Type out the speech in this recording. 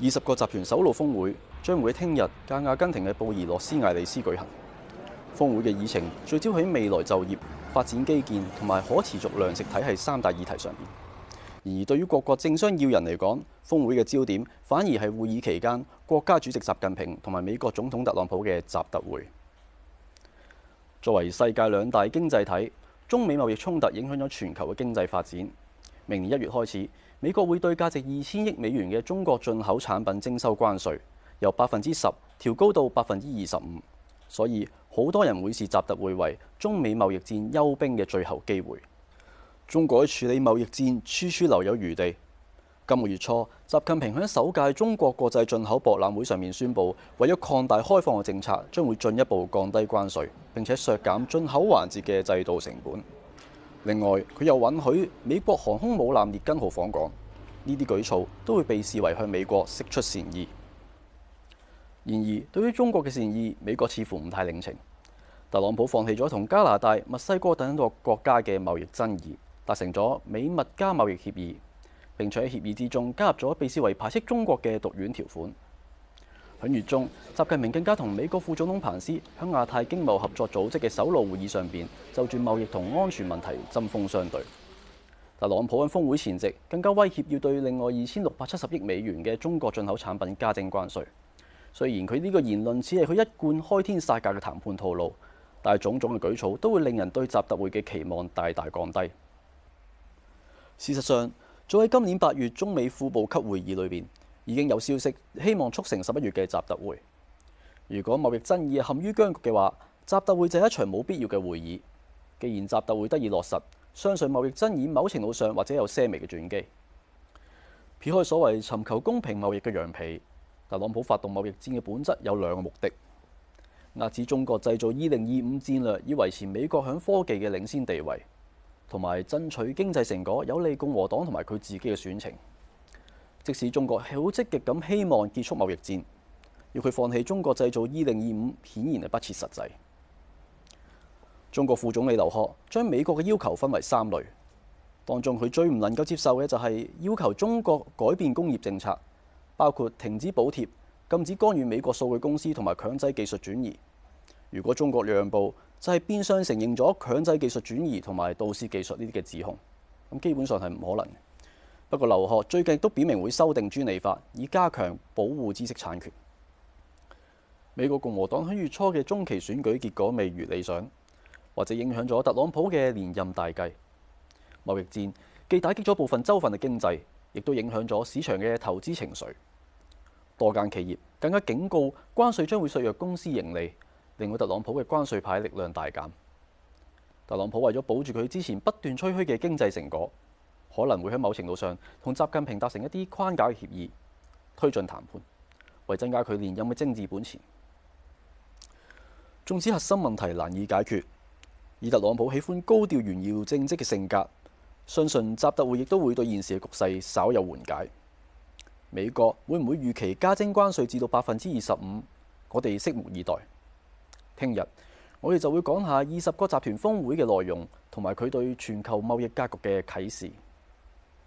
二十個集團首腦峰會將會喺聽日，喺阿根廷嘅布宜諾斯艾利斯舉行。峰會嘅議程聚焦喺未來就業、發展基建同埋可持續糧食體系三大議題上面。而對於各國政商要人嚟講，峰會嘅焦點反而係會議期間國家主席習近平同埋美國總統特朗普嘅習特會。作為世界兩大經濟體，中美貿易衝突影響咗全球嘅經濟發展。明年一月開始，美國會對價值二千億美元嘅中國進口產品徵收關稅，由百分之十調高到百分之二十五。所以好多人會視習特會為中美貿易戰休兵嘅最後機會。中國喺處理貿易戰處處留有餘地。今個月初，習近平喺首屆中國國際進口博覽會上面宣布，為咗擴大開放嘅政策，將會進一步降低關稅，並且削減進口環節嘅制度成本。另外，佢又允許美國航空母艦列根號訪港，呢啲舉措都會被視為向美國釋出善意。然而，對於中國嘅善意，美國似乎唔太領情。特朗普放棄咗同加拿大、墨西哥等多個國家嘅貿易爭議，達成咗美墨加貿易協議，並且喺協議之中加入咗被視為排斥中國嘅毒丸條款。本月中，習近平更加同美國副總統彭斯喺亞太經貿合作組織嘅首腦會議上邊，就住貿易同安全問題針鋒相對。特朗普喺峰會前夕更加威脅要對另外二千六百七十億美元嘅中國進口產品加徵關稅。雖然佢呢個言論似係佢一貫開天殺價嘅談判套路，但係種種嘅舉措都會令人對習特會嘅期望大大降低。事實上，早喺今年八月中美副部級會議裏邊，已經有消息希望促成十一月嘅習特會。如果貿易爭議陷於僵局嘅話，習特會就係一場冇必要嘅會議。既然習特會得以落實，相信貿易爭議某程度上或者有些微嘅轉機。撇開所謂尋求公平貿易嘅羊皮，特朗普發動貿易戰嘅本質有兩個目的：壓制中國製造二零二五戰略，以維持美國響科技嘅領先地位，同埋爭取經濟成果有利共和黨同埋佢自己嘅選情。即使中國好積極咁希望結束貿易戰，要佢放棄中國製造二零二五，顯然係不切實際。中國副總理劉鶴將美國嘅要求分為三類，當中佢最唔能夠接受嘅就係要求中國改變工業政策，包括停止補貼、禁止干預美國數據公司同埋強制技術轉移。如果中國讓步，就係、是、變相承認咗強制技術轉移同埋盜竊技術呢啲嘅指控，咁基本上係唔可能。不過，劉鶴最近都表明會修訂專利法，以加強保護知識產權。美國共和黨喺月初嘅中期選舉結果未如理想，或者影響咗特朗普嘅連任大計。貿易戰既打擊咗部分州份嘅經濟，亦都影響咗市場嘅投資情緒。多間企業更加警告關稅將會削弱公司盈利，令到特朗普嘅關稅牌力量大減。特朗普為咗保住佢之前不斷吹噓嘅經濟成果，可能會喺某程度上同習近平達成一啲框架嘅協議，推進談判，為增加佢連任嘅政治本錢。縱使核心問題難以解決，以特朗普喜歡高調炫耀政績嘅性格，相信習特會亦都會對現時嘅局勢稍有緩解。美國會唔會預期加徵關稅至到百分之二十五？我哋拭目以待。聽日我哋就會講下二十個集團峰會嘅內容，同埋佢對全球貿易格局嘅啟示。